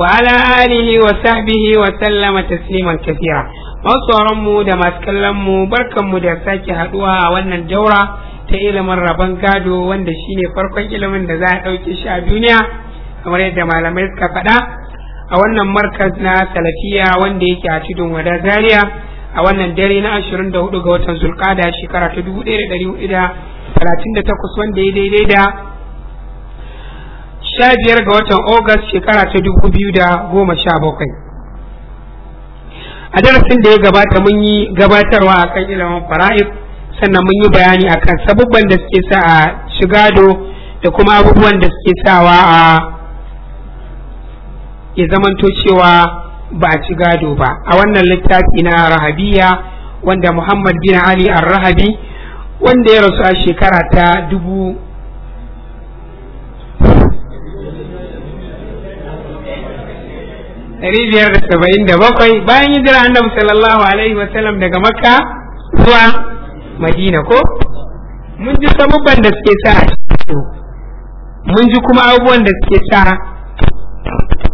وعلى آله وصحبه وسلم تسليما كثيرا masoran mu da masu kallon mu barkan mu da sake haduwa a wannan daura ta ilimin rabon gado wanda shine farkon ilimin da za a ɗauke shi a duniya kamar yadda malamai suka faɗa a wannan markaz na salafiya wanda yake a tudun wada zaria a wannan dare na 24 ga watan zulkada shekara ta 1438 wanda ya daidai da sha biyar ga watan August shekara ta dubu biyu da goma sha bakwai. A darasin da ya gabata mun yi gabatarwa a kan ilimin fara'id sannan mun yi bayani a kan sabubban da suke sa a shigado da kuma abubuwan da suke sawa a ya zamanto cewa ba a ci gado ba a wannan littafi na rahabiya wanda muhammad bin ali ar-rahabi wanda ya rasu a shekara ta dubu ɗari biyar da saba'in da bakwai bayan hijira annabi sallallahu alaihi wasallam daga makka zuwa madina ko mun ji sabubban da suke sa mun ji kuma abubuwan da suke sa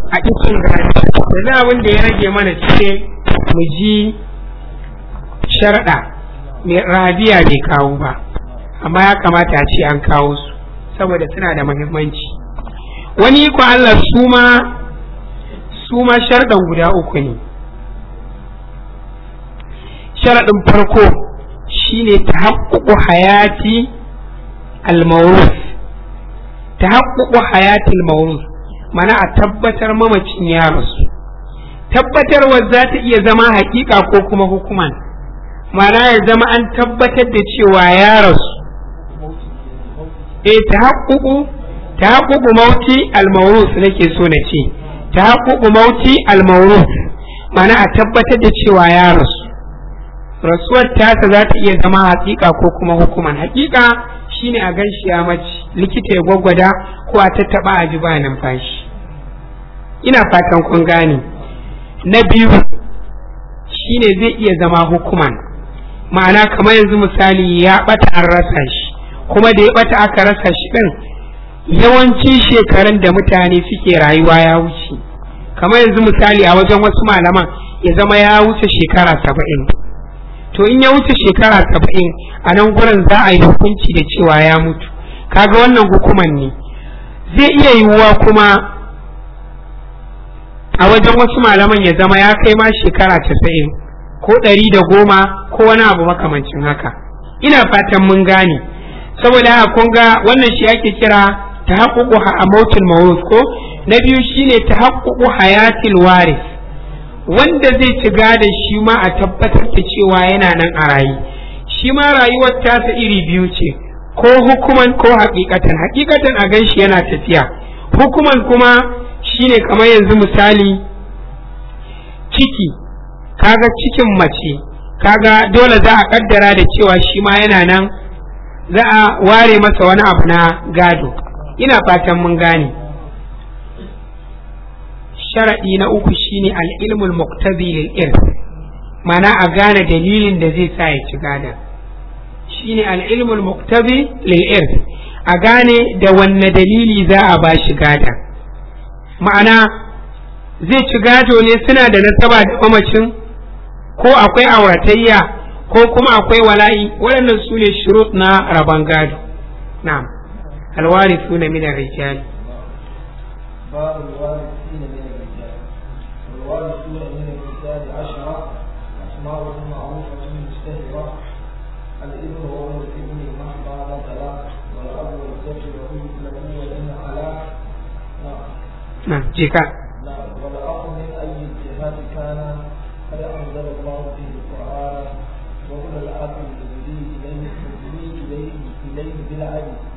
a cikin gari da abin da ya rage mana cike mu ji sharaɗa mai rabiya bai kawo ba amma ya kamata a ce an kawo su saboda suna da muhimmanci wani ikon Allah su ma su ma sharɗan guda uku ne sharaɗin farko shi ne ta tahaqququ hayati al ta tahaqququ hayati al-mawruf mana a tabbatar mamacin ya rasu tabbatarwar za ta iya zama hakika ko kuma hukuman mana ya zama an tabbatar da cewa ya rasu eh tahaqququ tahaqququ mauti al-mawruf nake so na ce ta haƙuƙu mauti almaruf mana a tabbatar da cewa ya rasu rasuwar tasa za ta iya zama haƙiƙa ko kuma hukuman haƙiƙa shine a ganshi ya mace likita ya gwaggwada ko a tattaɓa a ji ba numfashi ina fatan kun gane na biyu shine zai iya zama hukuman ma'ana kamar yanzu misali ya ɓata an rasa shi kuma da ya ɓata aka rasa shi ɗin yawancin shekarun da mutane suke rayuwa ya wuce kamar yanzu misali a wajen wasu malaman ya zama ya wuce shekara saba'in to in ya wuce shekara saba'in a nan gurin za a yi hukunci da cewa ya mutu kaga wannan hukuman ne zai iya yiwuwa kuma a wajen wasu malaman ya zama ya kai ma shekara casa'in ko ɗari da goma ko wani abu makamancin haka ina fatan mun gane saboda haka kun ga wannan shi ake kira tahaqququ a mautil ko na biyu shine tahaqququ hayatil waris wanda zai ci gada shi ma a tabbatar da cewa yana nan a rayi shi ma rayuwar tasa iri biyu ce ko hukuman ko hakikatan hakikatan a ganshi yana tafiya hukuman kuma shine kamar yanzu misali ciki kaga cikin mace kaga dole za a kaddara da cewa shi ma yana nan za a ware masa wani abu na gado ina fatan mun gane sharaɗi na uku shine al'ilmul muktabi lil mana a gane dalilin da zai sa ya ci gada shine al'ilmul muktabi lil a gane da wanne dalili za a ba shi gada ma'ana zai ci gado ne suna da nasaba da mamacin ko akwai auratayya ko kuma akwai wala'i waɗannan sune ne shurut na rabon gado na'am الوارثون من الرجال باب الوارثين من الرجال والوارثون من الرجال عشرة أسماء معروفة مشتهرة الابن وابن الابن مهما نزل والأب والجد وابن له وإن على نعم, نعم، جيكا نعم والأخ من أي الجهات كان قد أنزل الله به القرآن وابن الأب الذي إليه إليه إليه بلا عين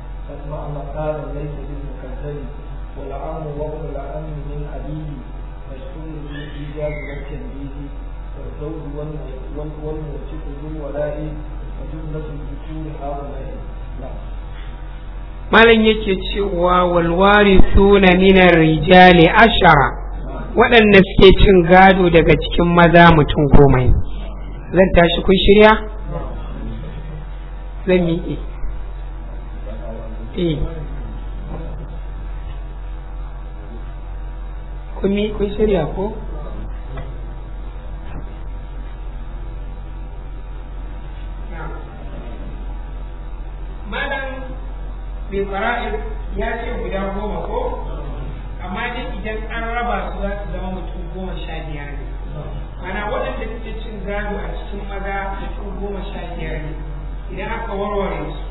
أن قال ليس بالمكذب والعام وضع العام من حديد مشهور بالإيجاب والتنبيه والزوج والمرتق ذو ولاء وجملة الذكور هذا نعم Malam yake cewa walwari suna minar rijali ashara waɗanda suke cin gado daga cikin maza mutum goma ne. Zan tashi kun shirya? Zan miƙe. eh kun shirya ko malam bai ya ce guda goma ko amma dai idan an raba su za su zama mutum goma sha biyar ne mana waɗanda suke cin gado a cikin maza mutum goma sha biyar ne idan aka warware su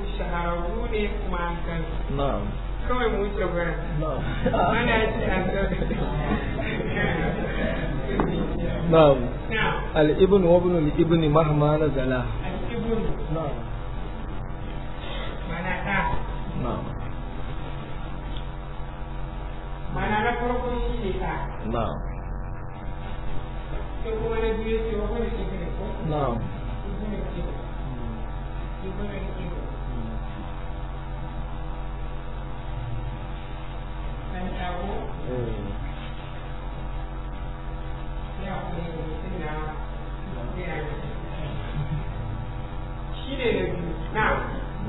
shahararru ne kuma an san na'am kawai mu wuce gurin na ana ce an san na'am al-ibn wa ibn al-ibn zala al-ibn na'am mana da na'am mana na farko shi ne Ta na'am ko kuma na biyu ce wa na shi ne ko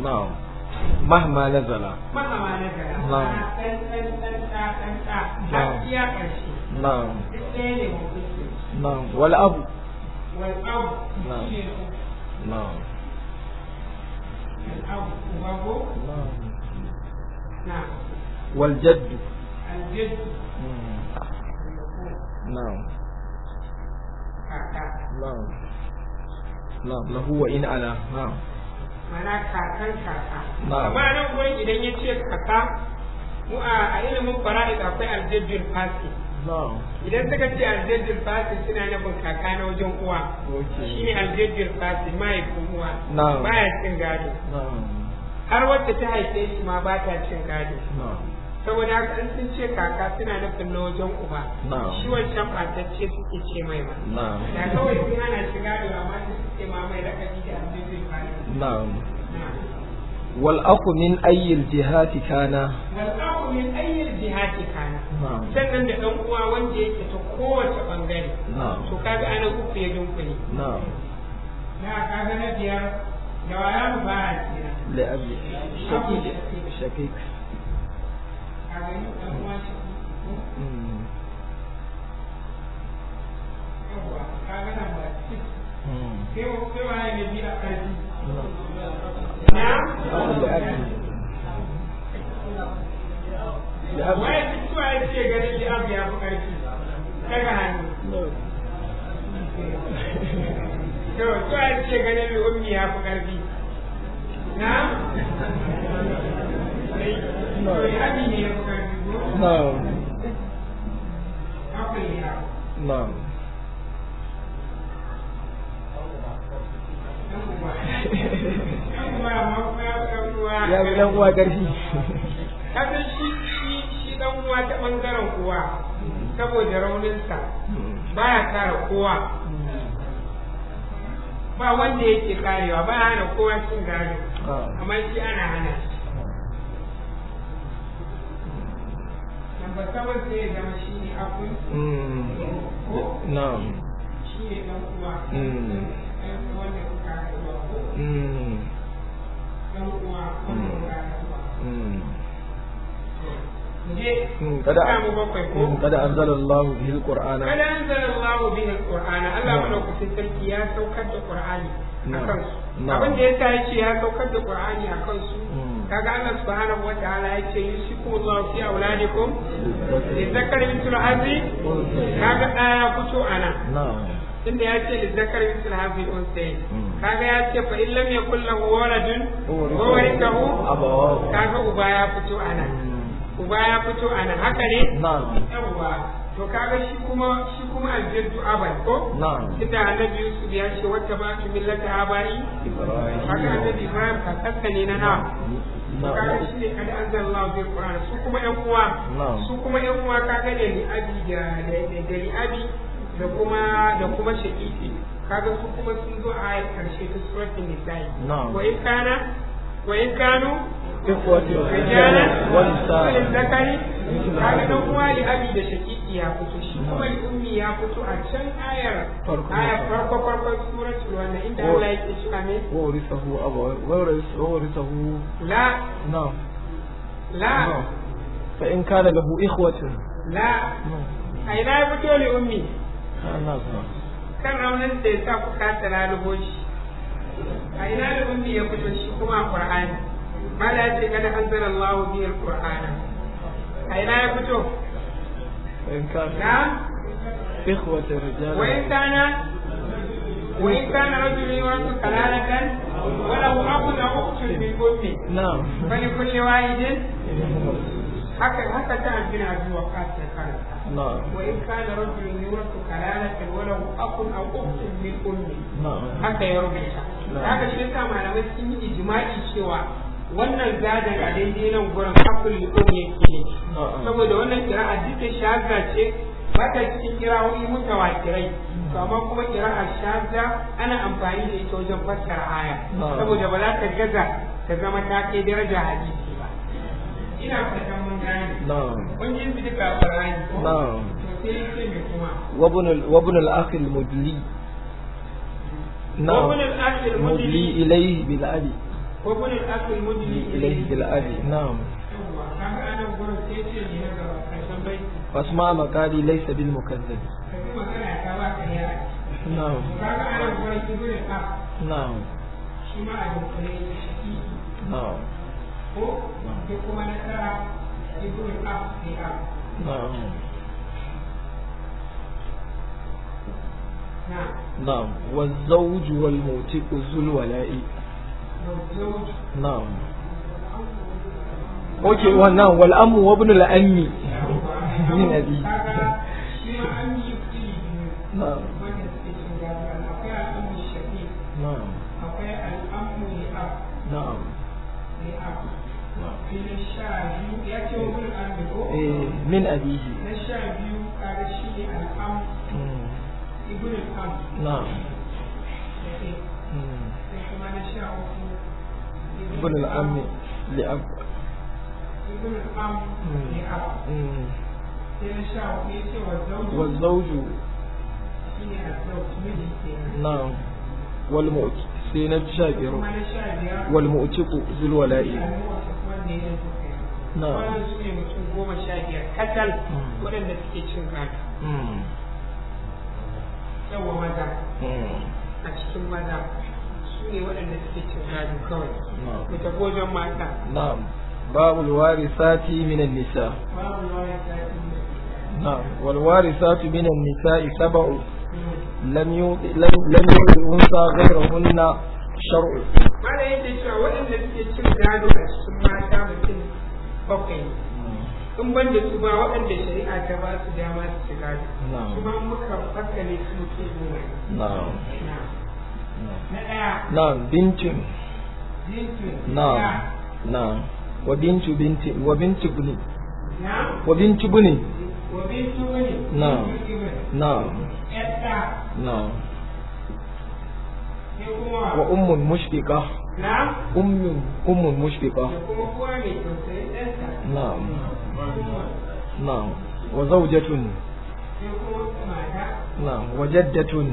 na'am mahma nazala mahma nazala na'am dan dan dan ta dan ta ya karshe الجد نعم نعم نعم له وإن على نعم mana kakan idan ya ce kaka mu a ilimin fara'id akwai aljajjul fasi idan suka ce aljajjul fasi suna nufin kaka na wajen uwa shine aljajjul fasi mahaifin uwa ba ya cin gado har wacce ta haife shi ma ba ta cin gado saboda haka in sun ce kaka suna na na wajen uba shi wancan fatacce suke ce mai ba da kawai sun hana shiga da amma su suke ma mai lakabi da abin zai fara wal aku min ayyil jihati kana wal aku min ayyil jihati kana sannan da dan uwa wanda yake ta kowace bangare to kaga ana kuku ya dunkule na'am na kaga na biya, da waya mu ba a kira da abi shakik shakik ummi ya fi ƙarfi na نعم نعم ya fi dan uwa ƙarfi kasan shi shi shi uwa ta bangaren kowa saboda rauninsa baya kare kowa ba wanda yake karewa ba ya hana kowa cin gado ah. amma shi ana hana shi ambatawa zai zama shi ne akwai ko shi ne dan uwa wanda kuka haɗuwa ko dan uwa wanda kuka haɗuwa kada anzalallahu bihi alqur'ana kada anzalallahu bihi alqur'ana Allah madaukakin sarki ya saukar da qur'ani akan su abin da yasa yace ya saukar da qur'ani akan su mm. kaga Allah subhanahu wa ta'ala yace yusikum Allah fi auladikum li zakari mithlu hadhi kaga aya fito ana tunda ya ce zakari mithlu hadhi sai. Hmm. kaga ya ce fa illam yakul lahu waladun wa warithahu kaga uba ya fito ana hmm. uba ya fito ana haka ne yawa to kaga shi kuma shi kuma aljaddu abai ko tunda annabi Yusuf ya ce wata ba ki millata abai haka annabi Ibrahim ka ne na na kaga shi ne kada an zan bai su kuma yan uwa su kuma yan uwa kaga ne da da li'abi da kuma da kuma shaƙiƙi kaga su kuma sun zo a ƙarshe ta suratul nisa'i wa in kana wa in kanu ikhwati rijalan wa nisa'a kaga dan uwa li'abi da shaƙiƙi hadisi ya fito shi kuma ummi ya fito a can ayar ayar farko farko wanda inda Allah yake cewa me wa wa la no la fa in kana lahu ikhwatun la a ina ya fito li ummi kan raunin da ya sa ku kasa lalubo a ina da ummi ya fito shi kuma qur'ani mala ce kada anzala Allah bihi al-qur'ana a ina ya fito وإن كان نعم إخوة رجال وإن كان وإن كان رجل يورث كلالة وله أخ أو أخت بالبطن نعم فلكل واحد حتى حتى تعب بن عبد الوقاص نعم وإن كان رجل يورث كلالة وله أخ أو أخت بالأم نعم حتى يربيها هذا الشيء كما لم يكن إجماعي سوى wannan zadan a daidai nan gurin hakul mutum yake ne saboda wannan kira'a duka shaza ce ba ta cikin kira'o'i mutawatirai to amma kuma kira'a shaza ana amfani da ita wajen fassara aya saboda ba za ta gaza ta zama ta kai daraja hadisi ba ina fatan mun gane kun yi bidika qur'ani sai yake mai kuma wabnul wabnul akhil mudli نعم مدلي إليه بالعدي وابن الأب المجني إليه بالأب نعم واسمع مقالي ليس بالمكذب نعم نعم نعم نعم نعم والزوج والموتق ذو الولاء na'am oke wannan wal amu wa ibn al ammi min abi na'am eh, hmm. Hmm. ابن العم لأب ابن العم لأب والزوج نعم والموت سينب شاكر والمؤتق ذو الولاء نعم a cikin maza su ne waɗanda suke cin gado kawai mu tafi mata na'am babul sati minan nisa babul warisati نعم والوارثات من النساء سبع لم يوطئ لم يوطئ الأنثى غيرهن شرع. ما يدري شو وين اللي تشتغل ما تعمل bakwai hmm. in ban da su ba waɗanda shari'a ta ba su dama su ci gado. Kuma muka haka ne su ke goma na'am bintun na'am na'am wa bintu binti wa bintu buni wa bintu buni wa bintu buni na'am na'am na'am wa ummun mushfiqa na'am ummun ummun mushfiqa na'am na'am wa zawjatun na'am wa jaddatun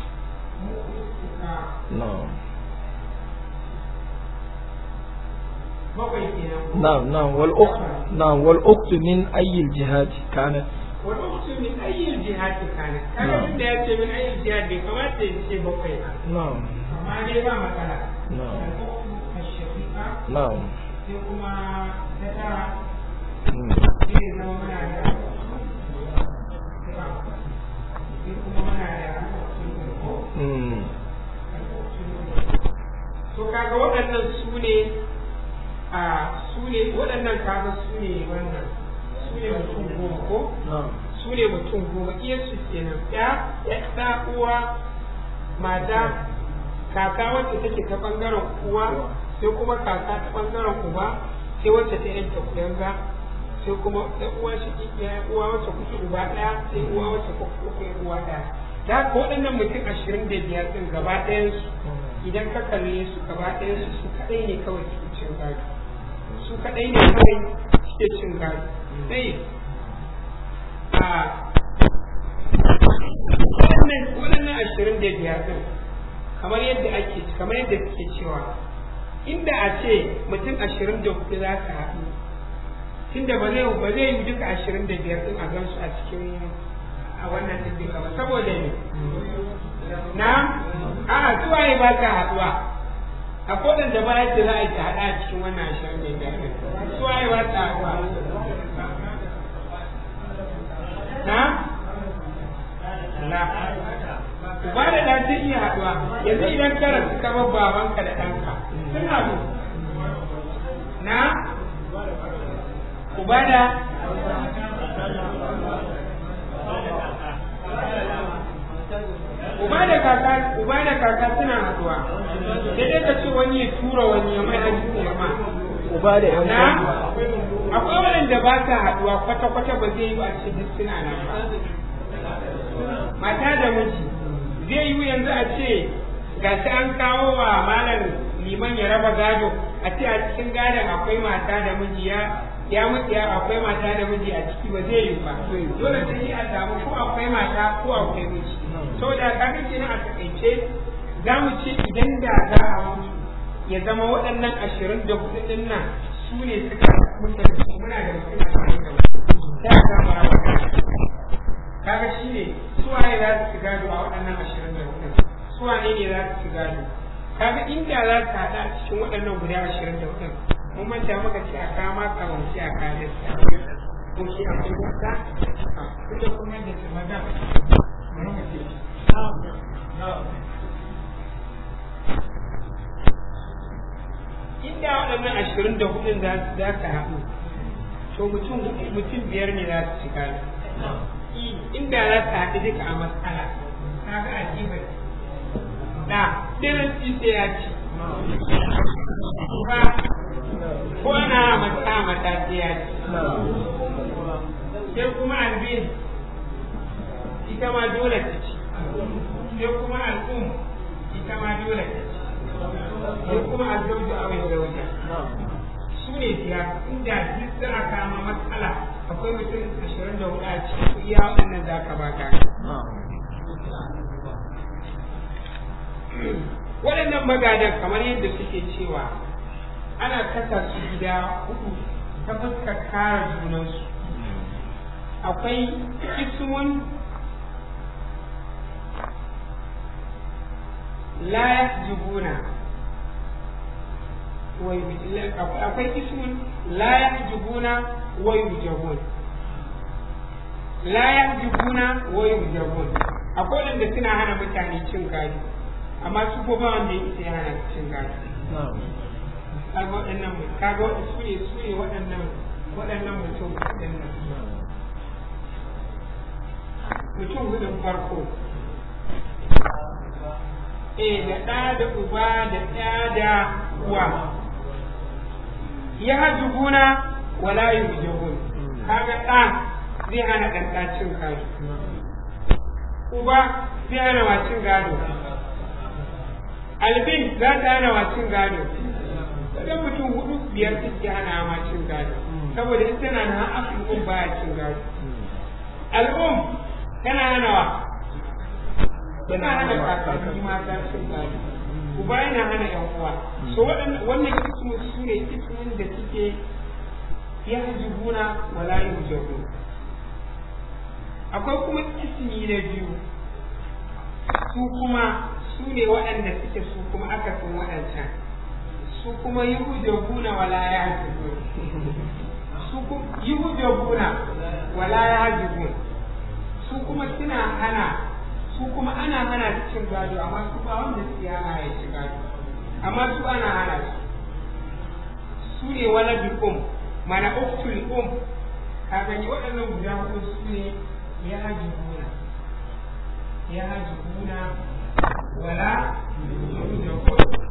نعم نعم والأخت نعم والأخت من أي الجهات كانت والأخت من أي الجهات كانت كانت من أي الجهات بكوات شيء بقية نعم ما هذه ما مثلا نعم الأخت الشقيقة نعم ثم تترى في زمان على ثم على Hmm. to kaga waɗannan su ne a su ne waɗannan kaga su ne wannan su ne mutum goma ko su ne mutum goma iya su kenan ya ɗa uwa mata kaka wacce take ta ɓangaren uwa sai kuma kaka ta ɓangaren uba sai wacce ta yanta kuyanga sai kuma ɗan uwa shi ya uwa wacce kuke uba ɗaya sai uwa wacce kuke uwa ɗaya da haka waɗannan mutum ashirin da biyar ɗin gaba ɗayansu idan ka kalle su gaba ɗayansu su kaɗai ne kawai suke cin gado su kaɗai ne kawai suke cin gado sai a waɗannan ashirin da biyar ɗin kamar yadda ake kamar yadda suke cewa inda a ce mutum ashirin da hudu za ka haɗu tunda ba zai ba zai yi duka ashirin da biyar ɗin a gansu a cikin a wannan cikin kama saboda ne na a zuwa ya ba ta haɗuwa a kodin da ba ya ce za a yi ta haɗa cikin wannan ashirin mai daɗin zuwa ya ba ta haɗuwa na na ba da ɗan zai iya haɗuwa yanzu idan karan suka bar babanka da ɗanka sun haɗu na ku ba da uba da kaka uba da kaka suna haduwa sai dai ka ce wani ya tura wani ya mai hajji ya ma uba da yan akwai waɗanda ba sa haduwa kwata kwata ba zai yi ba ce duk suna nan ba mata da miji zai yi yanzu a ce ga gashi an kawo wa malam liman ya raba gado a ce a cikin gadon akwai mata da miji ya ya ya akwai mata da miji a ciki ba zai yi ba dole sai a samu ko akwai mata ko akwai miji saboda kaga kenan a takaice za mu ce idan da za a mutu ya zama waɗannan ashirin da hudu ɗin nan su ne suka mutu muna da mutum a cikin da ta zama rawa kaga shi ne waye za su shiga a waɗannan ashirin da su suwane ne za su shiga ga inda za su haɗa cikin waɗannan guda ashirin da hudu mun manta muka ce a kama kawance a kare ko shi a kai wata kuma kuma da su maza mun mu ce inda waɗannan ashirin da hudun za su haɗu to mutum biyar ne za su shiga inda za su haɗu duka a matsala ta ga a kimar da ɗirin tsaye ya ce ba ko ana mata mata tiya sai kuma albin ita ma dole ta ci sai kuma al'um ita ma dole ta ci sai kuma aljauju a wani wajen. su ne biya inda duk za a kama matsala akwai mutum ashirin da hudu a cikin iya waɗannan za ka baka waɗannan magadan kamar yadda suke cewa ana kasa su gida hudu ta fuskar kara junansu akwai kisuwan la yahjubuna akwai kisuwan la yahjubuna wayu yujabun la yahjubuna wayu yujabun akwai wanda suna hana mutane cin gari amma su ko ba wanda ya hana cin gari kaga waɗannan kaga su ne su ne waɗannan waɗannan mutum ɗin nan mutum hudun farko eh da ɗa da uba da ɗa da uwa ya hajjubuna wala yi hujjabun kaga ɗa zai hana ɗanɗacin gado uba zai hana wacin gado albin za ta hana wacin gado idan mutum hudu biyar suke hana ma cin gado saboda ita tana nan asalin baya cin gado al'um tana hana wa tana hana kakanni mata cin gado uba yana hana yan uwa so wannan ismu su ne ismin da suke yahjubuna wala yuhjabuna akwai kuma ismi na biyu su kuma su ne waɗanda suke su kuma aka san waɗancan su kuma yi hujjabuna wala ya hajjubu su kuma yi hujjabuna wala ya hajjubu su kuma suna hana su kuma ana hana su cin gado amma su ba wanda su ya hana ya ci gado amma su ana hana su su ne wala bikum mana uktul um kaga waɗannan guda hudu su ne ya hajjubuna ya hajjubuna wala yujabuna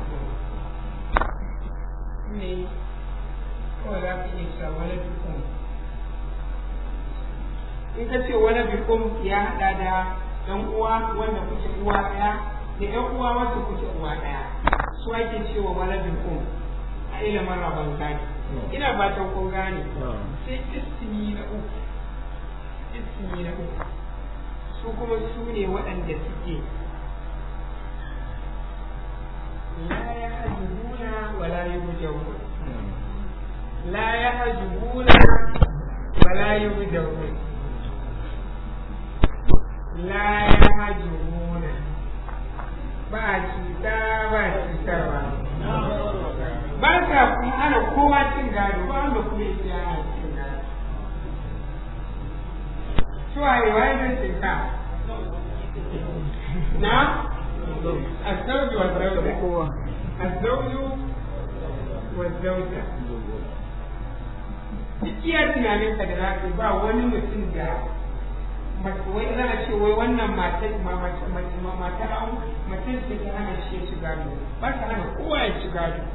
in ka ce waladikun ya haɗa da ɗan uwa wanda kuke uwa ɗaya da ɗan uwa wanda kuke uwa ɗaya su ake cewa waladikun a ilimin rabon gani ina ba ta kun gani sai istimi na uku istimi na uku su kuma su ne waɗanda suke la ya hajjuna wala gujewa لا يهجبون ولا يبدرون لا يهجبون باكي تا باكي تا ba ta kuma ana kowa cin gado ba wanda kuma yake ana cin na الزوج والزوجة الزوج والزوجة duk iya tunanin ka da zaka ba wani mutum da wai za a ce wai wannan matar matar an matar ce ta hana shi ya shiga gado ba ta hana kowa ya shiga gado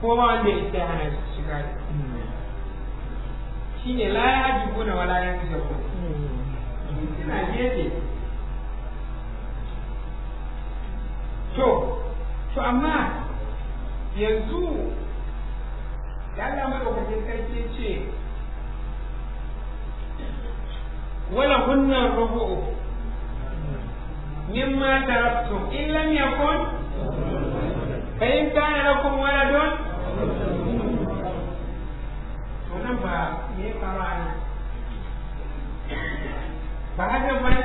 ko ba wanda ya ta hana shi ci gado shine la ya haji gona wala ya fi zaɓo suna gefe to to amma yanzu ya lamar madaukakin sarki ce ولهن الربع مما تركتم إن لم يكن فإن كان لكم ولد فهذا ما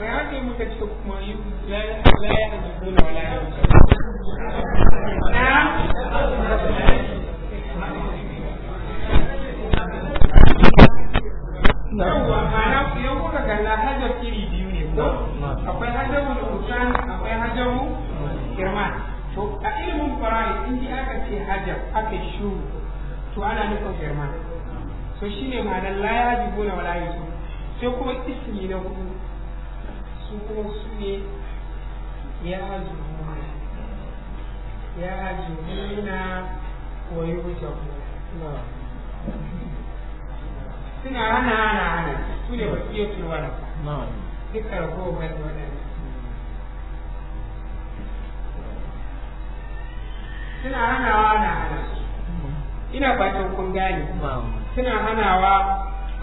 فهذه متكتب ما لا لا يحدثون ولا يحدثون نعم yawwa ma'ana ku yan kuka ganna hajar iri biyu ne ko akwai hajarul usan akwai mu girma. to a ilimin fara'i in ji aka ce hajar aka shuru to ana nufin girma. to shine ma'anar la ya haji gona wala yusuf sai kuma ismi na hudu su kuma su ne ya azumuna ya azumuna wa yusuf suna hana hana hana su ne wasiyatul warasa duka ragowar waɗanda suna hanawa na hana ina fatan kun gane suna hanawa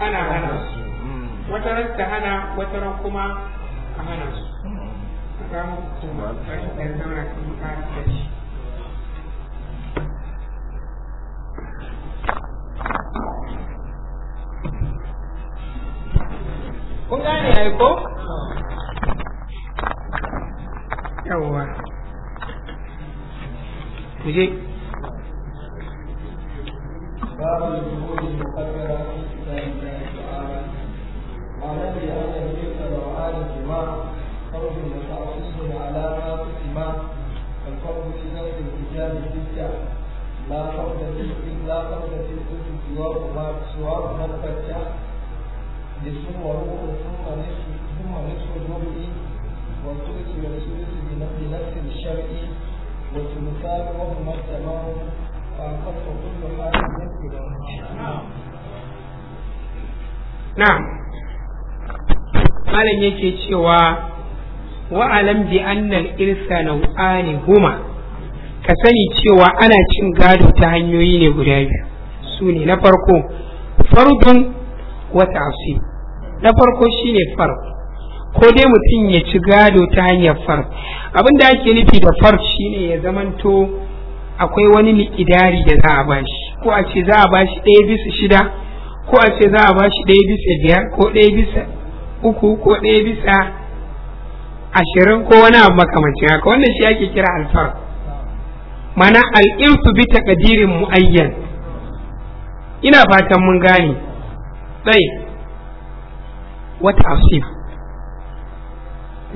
ana hana su mm. wata ran ta hana wata ran kuma a hana su. Kamu kuma, kashi ɗan zaura kuma ƙarfi shi. ne ko yawwa kuje باب الجهود المقدرة في الله تعالى وعلم بأن الجهد وعاد الجماع فرض وتعصيب على ما قسم فالفرض في نفس الكتاب ستة لا فرض فيه إلا فرض في الكتب سواه ما سواه ما yake cewa wa'alam bi annal irsa nau'ani huma ka sani cewa ana cin gado ta hanyoyi ne guda biyu su ne na farko fardun wa ta'sib na farko shine far ko dai mutum ya ci gado ta hanyar far abin da ake nufi da far shine ya zamanto akwai wani miƙidari da za a bashi ko a ce za a bashi ɗaya bisa shida ko a ce za a bashi ɗaya bisa biyar ko ɗaya bisa uku ko ɗaya bisa ashirin ko wani abu makamancin haka wannan shi ake kira alfar mana al'insu bi takadirin mu'ayyan ina fatan mun gane tsaye wata asif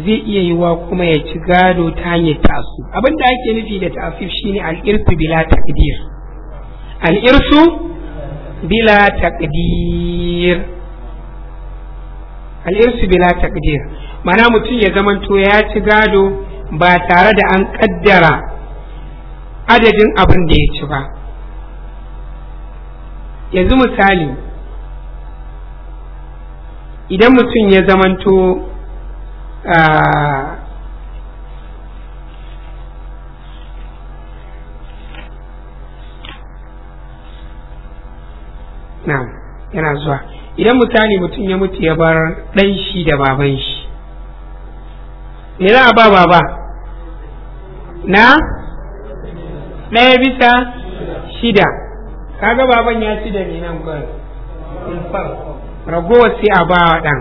zai iya yiwa kuma ya ci gado ta hanyar ta'asif abin da ake nufi da shi shine al'irsu bila takdir al'irsu bila taqdir al'irsu bila taqdir mana mutum ya zamanto ya ci gado ba tare da an ƙaddara adadin abin da ya ci ba yanzu misali idan mutum ya zamanto na yana zuwa idan mutane mutum ya mutu ya bar ɗan shi da baban shi me za a ba baba na ɗaya bisa shida kaga baban ya ci da ne nan kawai ragowar sai a ba wa ɗan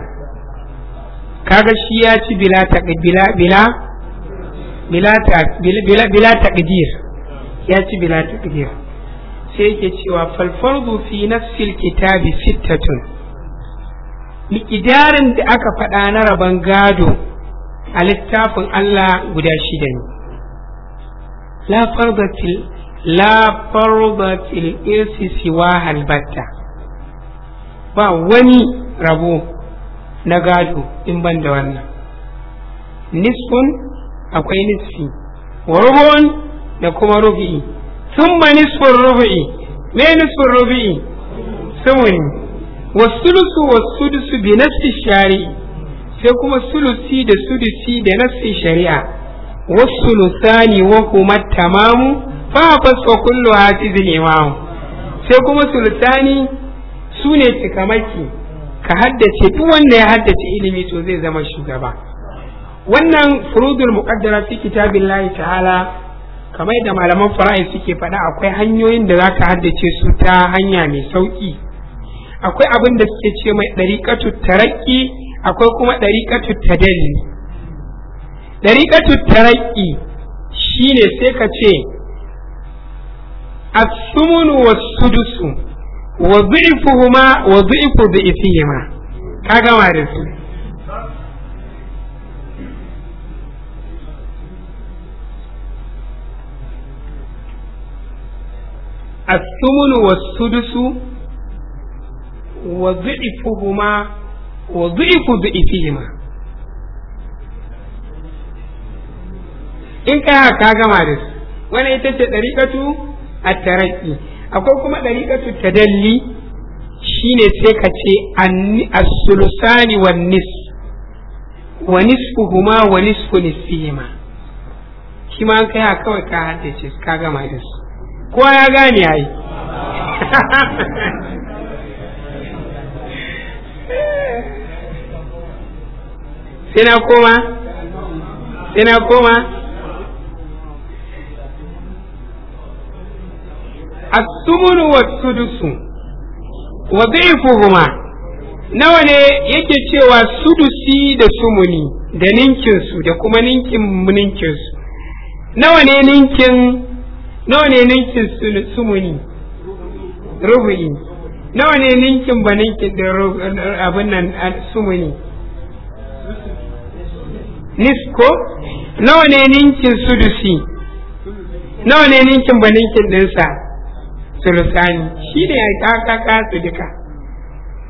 kaga shi ya ci bila bila bila bila ya ci bila taqdir sai yake cewa fal fardu fi nafsil kitabi sittatun da aka faɗa na rabon gado a littafin Allah guda shida ne la fardatil la fardatil irsi siwa halbatta ba wani rabo na gado in ban da wannan nisfun akwai nisfi wa rubun da kuma rubi'i thumma nisfun rubi'i me nisfun rubi'i sumuni wasulusu wasudusu bi nasi shari sai kuma sulusi da sulusi da nasi shari'a wasulusani wa kuma tamamu fa fa kullu hati imamu sai kuma sulusani su ne cikamaki ka haddace duk wanda ya haddace ilimi to zai zama shugaba wannan furudul muqaddara fi kitabillahi ta'ala kamar da malaman fara'i suke faɗa akwai hanyoyin da za ka haddace su ta hanya mai sauƙi akwai abin da suke ce mai ɗariƙatu taraƙi akwai kuma ɗariƙatu tadalli ɗariƙatu taraƙi shine sai ka ce asumunu wasu dusu. wa dhifuhuma wa dhifu dhifihima ka gama da su الثمن والسدس وضعفهما وضعف ضعفهما in ka ka gama da su wani ita ce ɗariƙatu a taraƙi akwai kuma ɗariƙatu tadalli shine sai ka ce as-sulusani wa nis wa nisfuhuma wa nisfu nisfihima shi ma kai ha kawai ka haddace ka gama da su kowa ya gane yi. sai na koma sai na koma الثمن والسدس وضعفهما nawa ne yake cewa sudusi da sumuni da ninkinsu da kuma ninkin ninkinsu nawa ne ninkin nawa ne ninkin sumuni rubu'i nawa ne ninkin ba da abin nan sumuni nisko nawa ne ninkin sudusi nawa ne ninkin ba dinsa sulusani shi ne ya kakaka su duka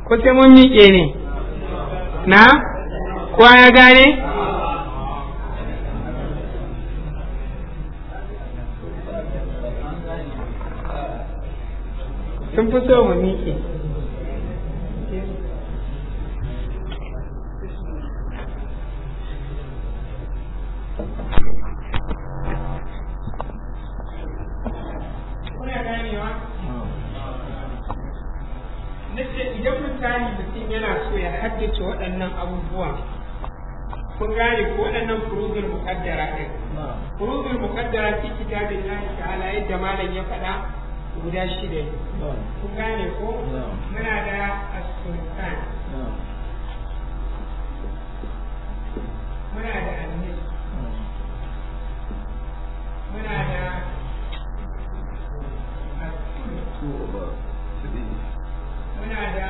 ko sai mun miƙe ne na kowa ya gane sun fi so mu miƙe haddace waɗannan abubuwan kun gane ko waɗannan furuzul muqaddara ɗin furuzul muqaddara fi kitabin Allah ta'ala yadda malam ya faɗa guda shida ne kun gane ko muna da as-sultan muna da annis muna da muna da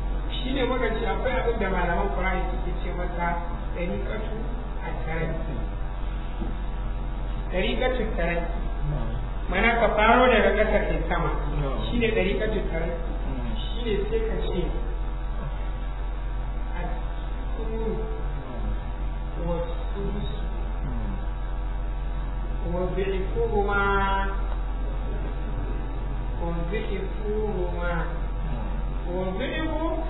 shi ne muka akwai abin da malaman Qur'ani suke ce mata tariqatu a taranti tariqatu at-taranti mana ka faro daga ƙasa kai sama shi ne tariqatu at-taranti shi ne sai ka ce at-turu wa sudus wa bi'kuhuma wa ma wa bi'kuhuma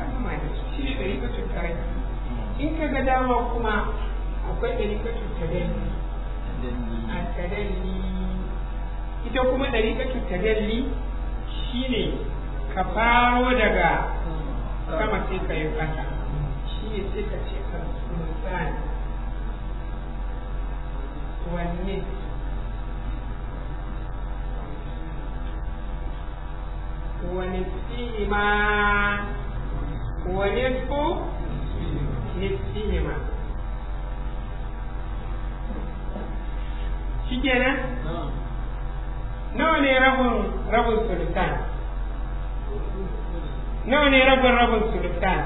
shi da in ka ga dama kuma akwai da a ita kuma da rika tuttare shi ka faro daga sama sai ka yi kasa shi ne sai ka ce ka wanne wani ونصف نصفهما shikenan nawa ne rabin rabin sultan nawa ne rabin rabin sultan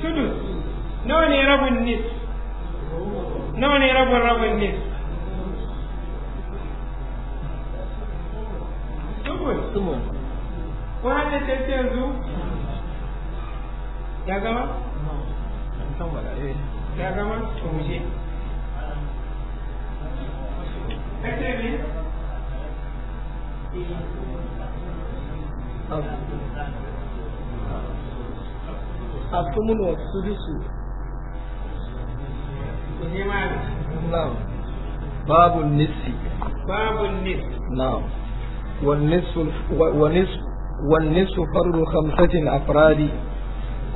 sudus nawa ne rabin nis nawa ne rabin rabin nis ce ya gama? ya gama? wuce Afto mouno ak sou di sou. Mouni man. Nan. Babou nisi. Babou nisi. Nan. Wan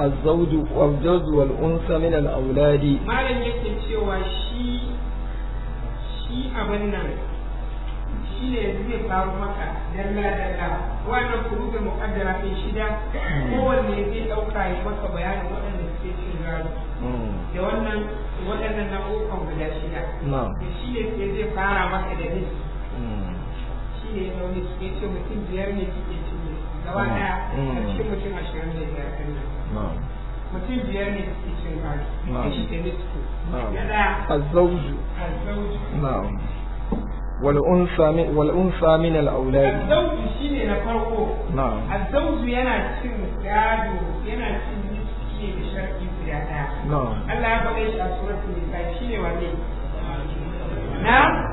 الزوج والجوز والأنثى من الأولاد ما لم يكن سوى شيء شيء أبنا shi ne zai faru maka dalla dalla wannan kuru da mukaddara kai shida kowanne zai ɗauka ya maka bayanin waɗanda suke cin gado da wannan waɗannan nau'ukan guda shida da shi ne zai fara maka da ni mm. shi ne da wani suke ce mutum biyar ne suke cin gaba ɗaya mm. a cikin mutum ashirin da biyar ɗin mutum biyar ne suke cin gado shi da nisku na daya azzauju azzauju na'am والأنثى من والأنثى من الأولاد. الزوج شيء نفرقه. نعم. الزوج ينأتي مساعد ينأتي مسكين بشرط زيادة. نعم. الله يبغيش أسرة النساء شيء ولي. نعم.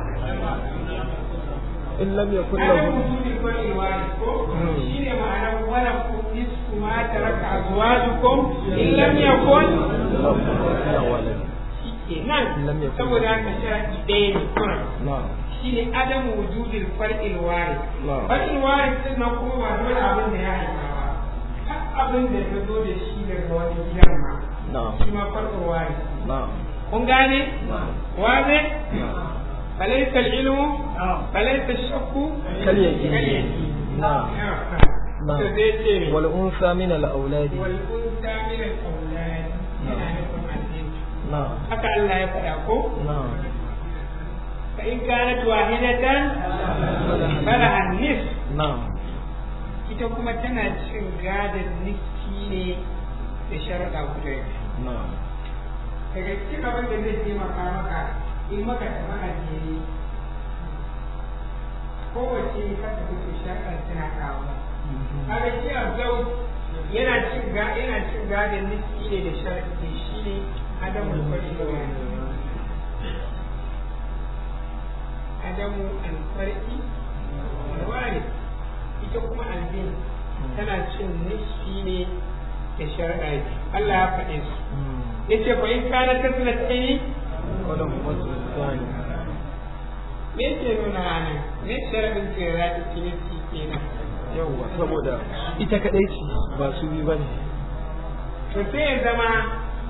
in lam yakun lahu hmm. shine wala ku ma taraka azwajukum in lam yakun nan saboda haka ɗaya ne kuma adam wari wari na abin da ya abin da zo da shi wani gidan ma shi ma wari kun gane wane فليس العلم فليس الشك كاليقين نعم نعم والأنثى من الأولاد والأنثى من الأولاد نعم حتى الله يفعله نعم فإن كانت واحدة فلها النصف نعم ita kuma tana cin gadon niski ne da sharaɗa guda biyu. Daga cikin abin da zai taimaka maka in maka jama'a ce kowace ka tafi to shakar tana kawo kaga shi abdau yana cin ga yana cin ga da niki ne da sharadi shi ne adamul fari da wani adamu alfarki wani ita kuma albin tana cin nishi ne da shari'a Allah ya faɗe su hmm. yace fa in kana tasnatayni me ke nuna ranar me sharafin ce za ta cinye ci kenan yawwa saboda ita kadai ce ba su yi ba ne to sai ya zama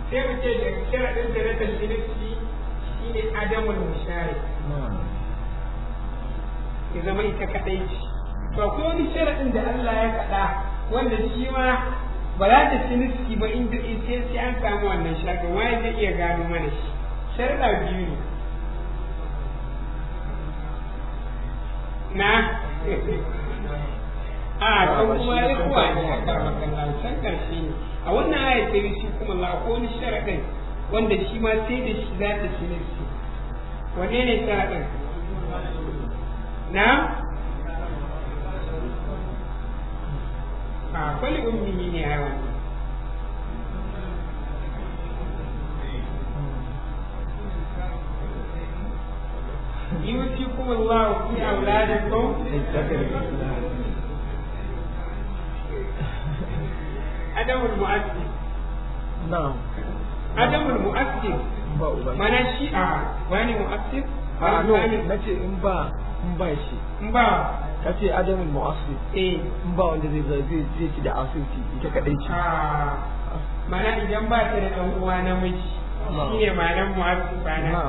sai mu ce da sharafin da na tashi shi ne adamul mushari ya zama ita kadai ce to akwai wani sharafin da Allah ya faɗa wanda shi ma ba za ta ci ba inda sai an samu wannan shafin waye zai iya gano mana shi sharuɗa biyu ne na a kan kuma kuwa ne a karmakan can ƙarshe ne a wannan ayat ta yi shi kuma la ko sharaɗin wanda shi ma sai da shi za ta shi ne wane ne sharaɗin na a kwalli ummi ne a wannan يوتيكم الله في أولادكم أدم المؤثر نعم أدم المؤثر mana shi a ah, wani ba a ah, ah, no in ba in ba shi in ba kace adamin mu'assir eh in ba wanda zai zai da asirci ita kaɗai mana idan ba ta da dan uwa namiji shi ne ma'anar mu'arif kwana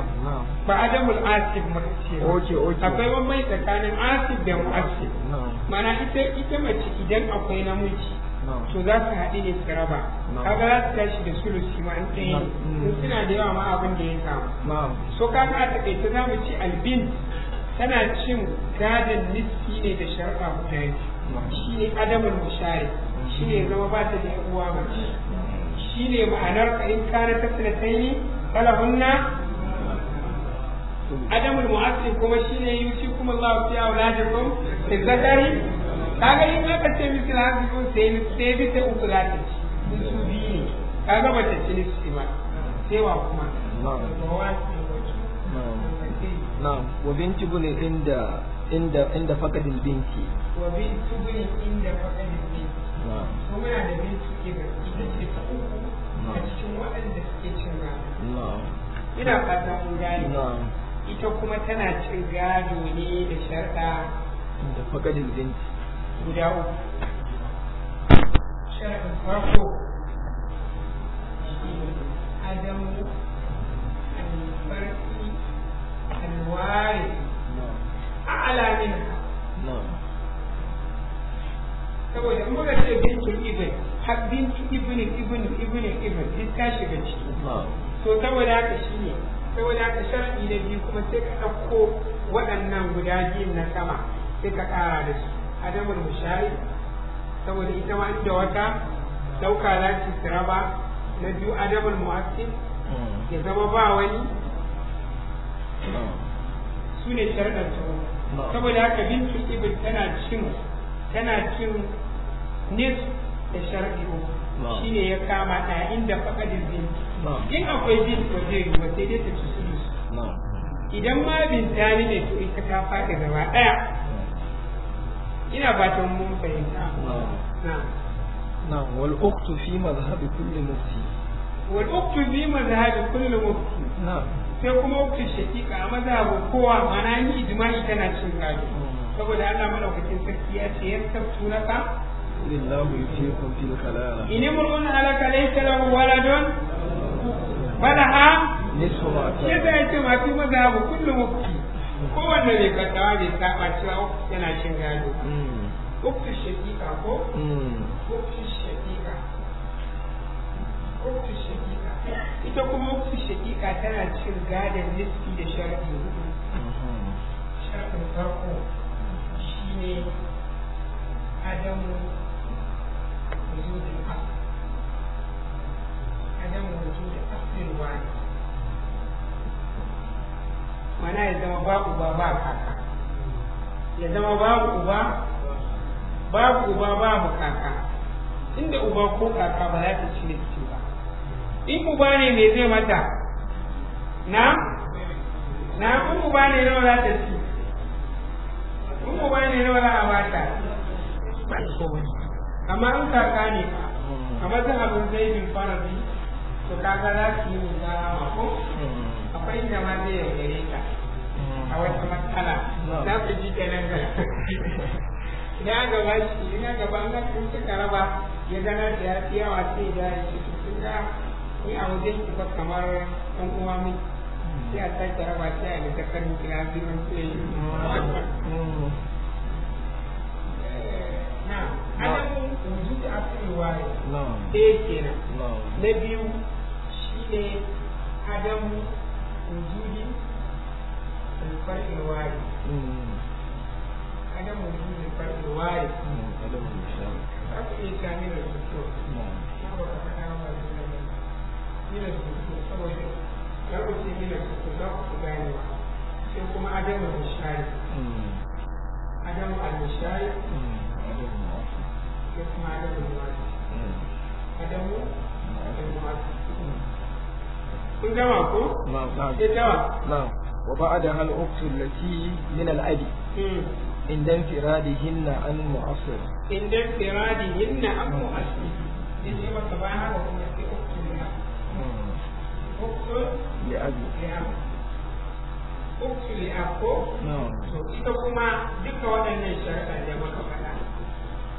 ba adamu asib muka ce akwai wani tsakanin asib da mu'asib mana ita ita mace idan akwai namiji to za su haɗu ne su raba kaga za su tashi da su sulusi ma an tsaye in suna da yawa ma abin da ya samu so kaga a taƙaice za mu ci albin tana cin gadon nisfi ne da sharfa guda shi ne adamun mushari shi ne zama ba ta da uwa ba. shine ma'anar fa in kana tasnataini falahunna adamul kuma shine yusikum Allahu fi auladikum fi zakari kaga in aka ce sai uku za ta ci su biyu ne kaga ba ta ci nisu sai wa kuma na'am wa binti bune inda inda inda fakadin binti wa binti bune inda fakadin kuma da ke ga ita ce ta uku cikin waɗanda ina fata kun gane ita kuma tana cin gado ne da sharɗa da fakadin zinci guda uku sharɗin farko adamu alfarki alwari a alamin saboda muka ce bincin izini har binci ibinin ibinin ibinin ibin duk ta shiga ciki ah. to saboda haka shi ne saboda haka sharadi na biyu kuma sai ka ɗauko waɗannan guda biyun na sama sai ka ƙara da su adamul mushari saboda ita ma inda wata ɗauka za ki tsira ba na biyu adamul mu'assin hmm. ya zama ba wani hmm. su ne sharadar hmm. saboda haka binci ibin tana cin tana cin nisf da shar'i uku shine ya kama ɗaya inda faɗaɗin in akwai bin ko zai yi ba sai dai ta ci sulus idan ma bin tani ne to ita ta faɗi gaba ɗaya ina fatan mun fahimta na'am fi mazhabi kulli mufti wal uktu fi mazhabi kulli mufti na'am sai kuma uktu shaqiqa a mazhabin kowa mana ni ijma'i tana cin gado saboda Allah madaukakin sarki ya ce yastabtunaka إن امرؤ هلك ليس له ولد فلها yadda ya ce masu mazhabu kullum mufti kowanne bai kasawa bai saba cewa yana cin gado mufti shakika ko mufti shakika mufti shakika ita kuma mufti shakika tana cin gadon nisfi da sharadi hudu sharadin farko shine adamu وجود الأصل عدم وجود أصل واحد معناه إذا باب باب حقا ya zama babu uba babu uba babu kaka inda uba ko kaka ba za ta ba in ne zai mata na na in uba ne nawa za ta ci in uba a amma in kaka ne zai mazhabin fara bi to kaga za su yi muzarama ko akwai inda ma zai yaudare ka a wata matsala za ku ji ta nan gaba ina gaba ba shi idan aka ba na kun suka raba ya gana da ya fi yawa sai da ya ce kun ga ni a wajen ki ba kamar ɗan uwa mai sai a sake raba sai a da ta kan kira biyu sai riwaya ɗaya kenan na biyu shine adamu wujudi alfar'il wari mm. adamu wujudi alfar'il wari haka iya sami da rubutu saboda faɗa wa zuwa mina rubutu saboda karɓuce mina rubutu za ku fi ganewa sai kuma adamu al-mishari mm. adamu al-mishari mm. adamu al kun gama ko? Na'am. Sai tawa? Na'am. Wa ba'da hal uktu lati min al abi. Indan firadihinna an mu'assir. Indan firadihinna an mu'assir. Din ne maka haka kuma sai uktu na. Uktu li abi. Uktu ita kuma duka waɗannan maka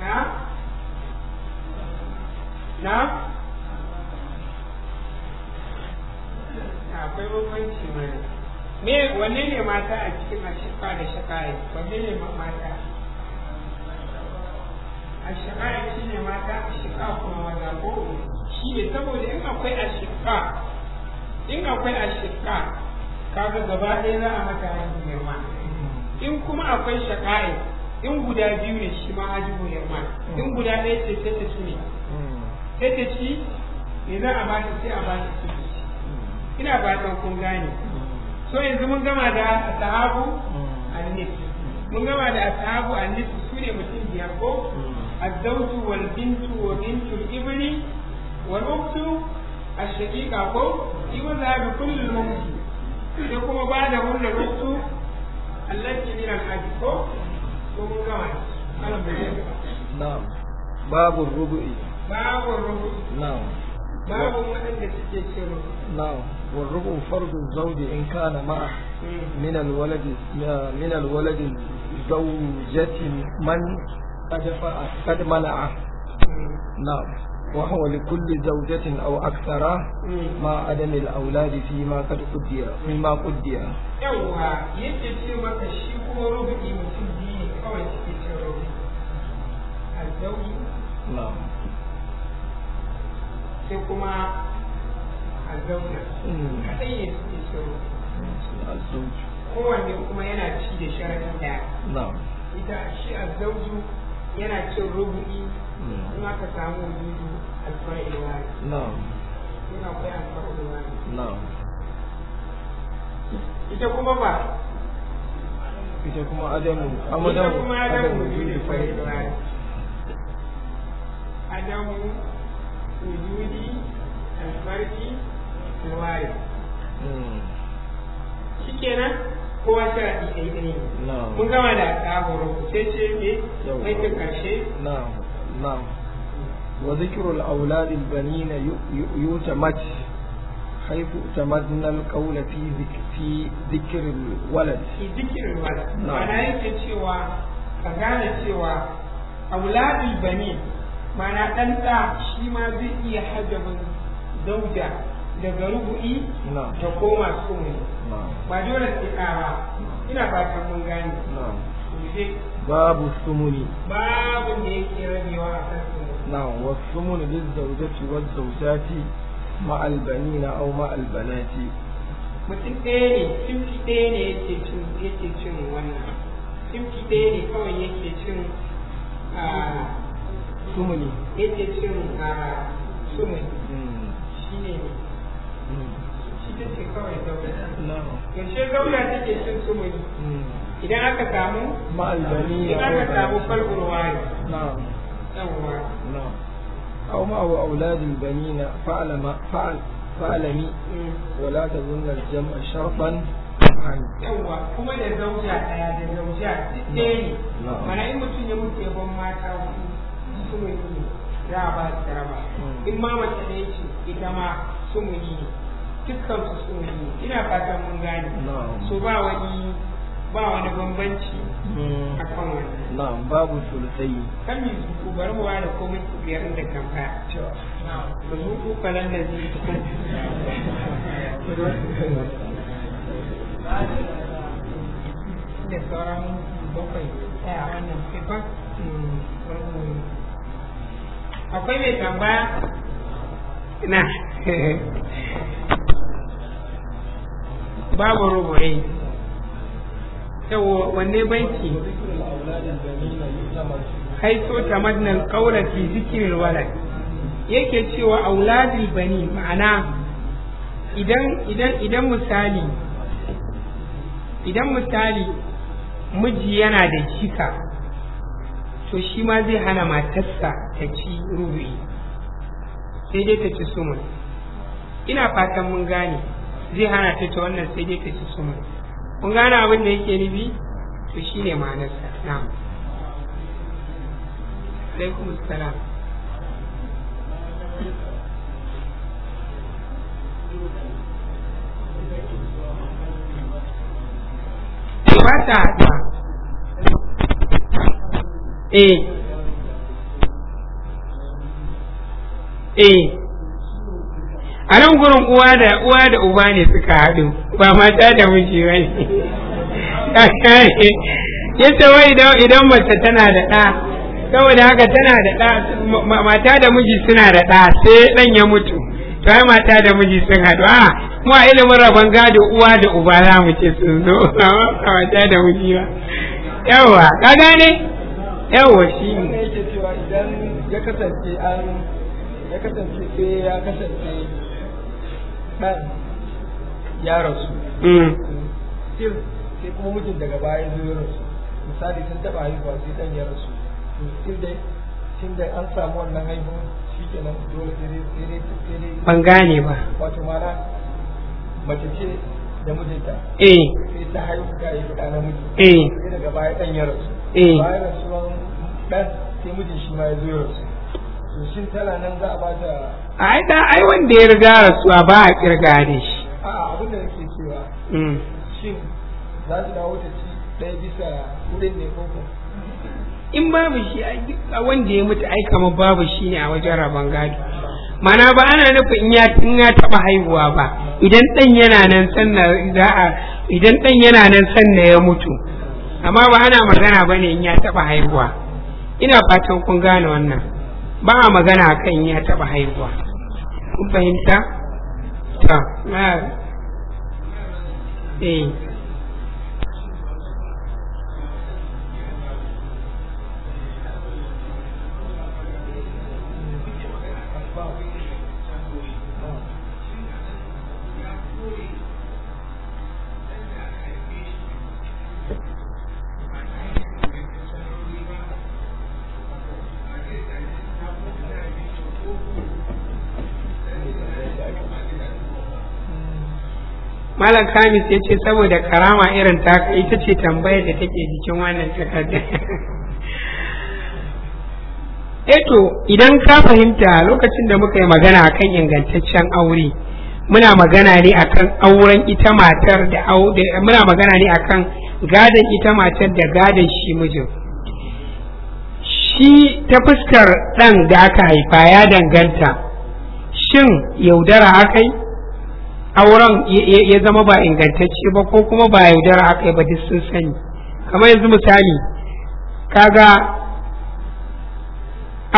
نعم akwai bambanci mana me wanne ne mata a cikin ashiqa da shaƙa'i, wanne ne mata ashiqa shi ne mata ashiqa kuma maza ko shi ne saboda in akwai ashiqa in akwai ashiqa kaga gaba ɗaya za a mata girma in kuma akwai shaƙa'i. in guda biyu ne shi ma haji buhari ma in guda ɗaya ce ta tafi ne Ta tafi ne za a bata sai a bata ci ina ba ta kun gane so yanzu mun gama da a sahabu annis mun gama da a sahabu annis su ne mutum biyar ko azzawtu wal bintu wa bintul ibni wal ukhtu ashqiqa ko iwa za bi kullu mumki da kuma ba da hulla ruksu allati min al ko Nam. Babu rubu'i. Babu rubu'i. Nam. Babu waɗanda suke cewa. Nam. Wal rubu fardu zawji in kana ma'a hmm. min al-waladi min al-waladi zawjati man adafa qad mana'a. Hmm. Nam. Wa huwa li kulli zawjatin aw akthara hmm. ma adam al-awladi fi ma qad quddiya. Fi ma quddiya. Yawwa yace ce maka shi kuma rubu'i mutum kawai suke cin rauni azzauji sai kuma azzauja kaɗai ne suke cin rauni kowanne kuma yana ci da sharaɗin ita shi azzauju yana cin rubu'i in aka samu wujudu alfa'iluwa yana akwai alfa'iluwa ita kuma ba ita kuma adamu amadamu adamu wujudi farin adamu wujudi alfarki wari hmm. shi kenan kowa sharaɗi ɗaya ɗaya ne mun gama da tsaboro sai ce ne mai ta ƙarshe na'am na'am wa zikirul auladil banina yuta mace حيث اعتمدنا القول في ذكر في ذكر الولد في ذكر الولد معناه yake cewa ka gane cewa auladul bani ma'ana dan da shi ma zai iya hajjabin daga rubu'i ta koma sumi ba dole sai ƙara ina fatan mun gane babu sumuni babu da yake rabewa a kan na wasu sumuni lil zaujati wal zaujati مع البنين أو مع البنات mutum ɗaya ne simki ɗaya ne yake cin yake cin wannan simki ɗaya ne kawai yake cin sumuni yake cin sumuni shi ne shi ta ce kawai zauna yaushe ta ke cin sumuni idan aka samu ma'albani idan aka samu falgurwa ne yawwa أو معه أولاد البنين فاعلم فعل فاعلمي ولا تظن الجمع شرطا yawwa kuma da zauja daya da zauja duk ɗaya ne mana in mutum ya mutu ya ban mata su mai ne za a ba su raba in ma mace ne ce ita ma su mai ne dukkan su su mai ne ina fatan mun gane so ba wani ba wani bambanci a kan wani na babu sulutai kan yi suku, bari mu ware komai ku biyar da kan baya da zuku kalan da zai da sauran bakwai A wannan paper eh, akwai mai tambaya na babu rubu'in yawa wanne baiti haiso tamadnal qawla fi zikril walad yake cewa auladil bani ma'ana idan idan idan misali idan misali miji yana da jika to shi ma zai hana matarsa ta ci rubi sai dai ta ci sumun ina fatan mun gane zai hana ta ta wannan sai dai ta ci sumun kun gane abin da yake nufi to shine ma'anarsa na'am alaikum salam ba ta eh eh a nan gurin uwa da uwa da uba ne suka haɗu ba mata da miji ba ne yace wai idan mace tana da ɗa saboda haka tana da ɗa mata da miji suna da ɗa sai ɗan ya mutu to ai mata da miji sun haɗu a mu a ilimin rabon gado uwa da uba za mu ce sun zo a mata da miji ba yawa ka gane yawa shi ne ya kasance an ya kasance sai ya kasance ɗan ya rasu mm. still sai kuma mijin daga baya zo ya rasu misali sun taɓa haihuwa sai ɗan ya rasu to dai tun da an samu wannan haihuwa shi ke nan dole tsere tsere ban gane ba wato mana mace ce da mijinta eh sai ta haihu ta haihu ɗan namiji eh sai daga baya ɗan ya rasu eh bayan rasuwan ɗan sai mijin shi ma ya zo ya rasu a ai da ai wanda ya riga rasuwa ba a kirga ne shi a abin da nake cewa mm. shin za su dawo ta ci ɗaya bisa wurin ne in babu shi a wanda ya mutu ai kamar babu shi ne a wajen rabon gado mana ba ana nufin in ya in ya taba haihuwa ba idan dan yana nan sanna za a idan dan yana nan sanna ya mutu amma ba ana magana bane in ya taba haihuwa ina fatan kun gane wannan ba a magana kan ya taɓa haihuwa ku fahimta ta na eh malam kamis ya ce saboda karama irin ta ita ce tambayar da take jikin wannan takardar eto eh idan ka fahimta lokacin da muka yi magana akan ingantaccen aure muna magana ne akan auren ita matar da muna magana ne akan gadon ita matar da gadon shi mijin shi ta fuskar ɗan da aka haifa ya danganta shin yaudara akai auren ya zama ba ingantacce ba ko kuma ba yaudara a ba duk sun sani kamar yanzu misali kaga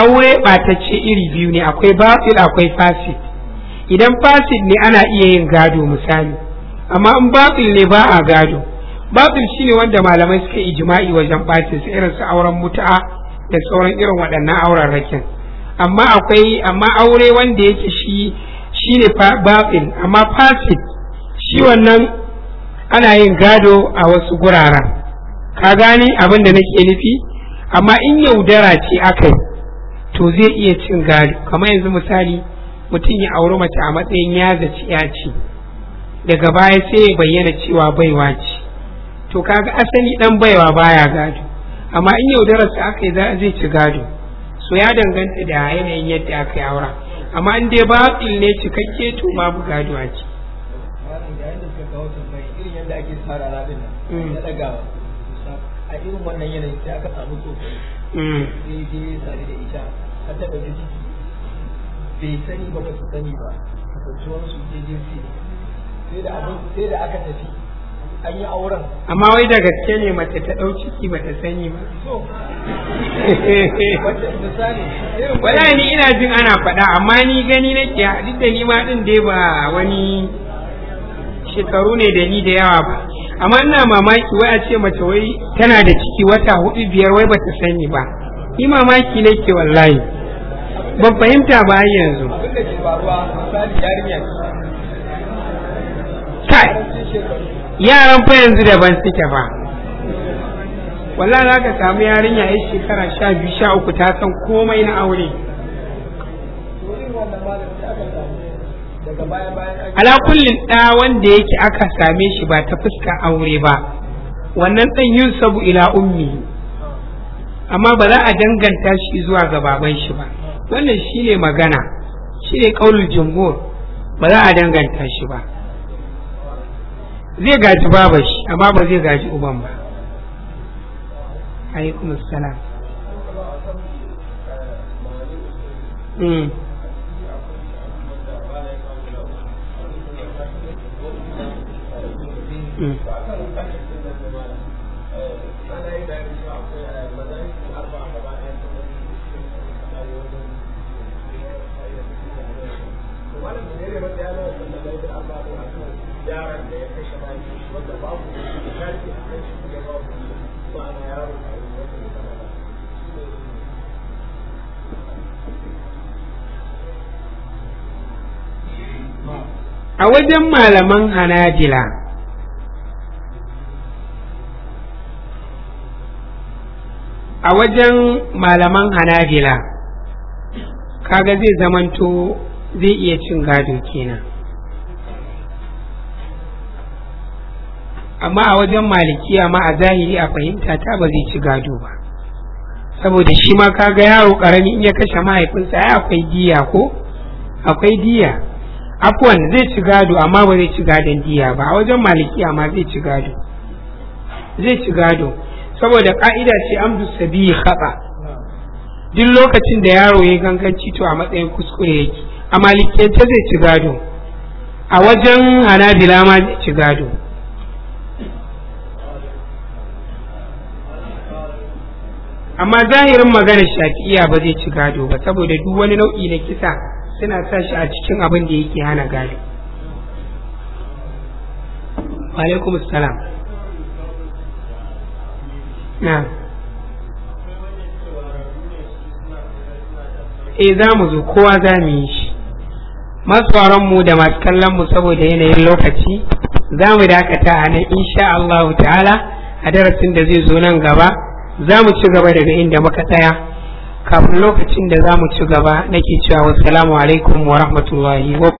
aure ɓatacce iri biyu ne akwai batil akwai fasid idan fasid ne ana iya yin gado misali amma in batil ne ba a gado batil shine wanda malamai suka yi jima'i wajen ɓacin su irin su auren mutu'a da sauran irin waɗannan auren rakin amma akwai amma aure wanda yake shi Shi ne batin amma fasit shi wannan ana yin gado a wasu guraren ka gani abin da nake nufi amma in yaudara ce akai to zai iya cin gado kamar yanzu misali mutum ya auri mace a matsayin ya zaci ya ce daga baya sai ya bayyana cewa baiwa ce to kaga asali dan baiwa baya gado amma in ce aka yi zai ci gado so ya danganta da yanayin yadda aka yi aura amma in dai batil ne cikakke to ma gaduwa ce a irin wannan yanayin sai aka samu tsofaffi mm. sai je sare da ita har ta ɗauki ciki bai sani ba ba su sani ba kasancewarsu je je sai da aka tafi yi auren amma wai da gaske ne mace ta ɗau ciki ba ta sani ba wala ni ina jin ana faɗa amma ni gani nake duk da ni ma ɗin dai ba wani shekaru ne da ni da yawa ba amma ina mamaki wai a ce mace wai tana da ciki wata hudu biyar wai ba ta sani ba ni mamaki nake wallahi ban fahimta ba yanzu kai yaran fa yanzu da ban suke ba wallahi za ka samu yarinya ya shekara sha biyu sha uku ta san komai na aure ala kullin ɗa wanda yake aka same shi ba ta fuska aure ba wannan ɗan yin sabu ila ummi amma ba za a danganta shi zuwa ga shi ba wannan shine magana shine kaulul jumhur ba za a danganta shi ba zai gaji babar shi amma ba zai gaji uban ba alaikum salam Mm. Hmm. a a wajen malaman hanajila a wajen malaman hanajila kaga zai zamanto zai iya cin gado kenan amma a wajen malikiya ma a zahiri a fahimta ta ba zai ci gado ba saboda shi ma ka ga yaro karami in ya kashe mahaifinsa ya akwai diya ko akwai diya afwan zai ci gado amma ba zai ci gadon diya ba a wajen malikiya ma zai ci gado zai ci gado saboda ka'ida ce amdu sabi haɓa. duk lokacin da yaro ya ganganci to a matsayin kuskure yake a malikiyance zai ci gado a wajen hanabila ma zai ci gado amma zahirin magana shafi'iya ba zai ci gado ba saboda duk wani nau'i na kisa suna sa shi a cikin abin da yake hana gado alaikum salam na e eh, za mu zo kowa za mu yi shi masu mu da masu kallon mu saboda yanayin lokaci za mu dakata a nan insha Allah ta'ala a darasin da zai zo nan gaba za mu ci gaba daga inda muka tsaya kafin lokacin da za mu ci gaba nake cewa wasu alaikum wa rahmatullahi wa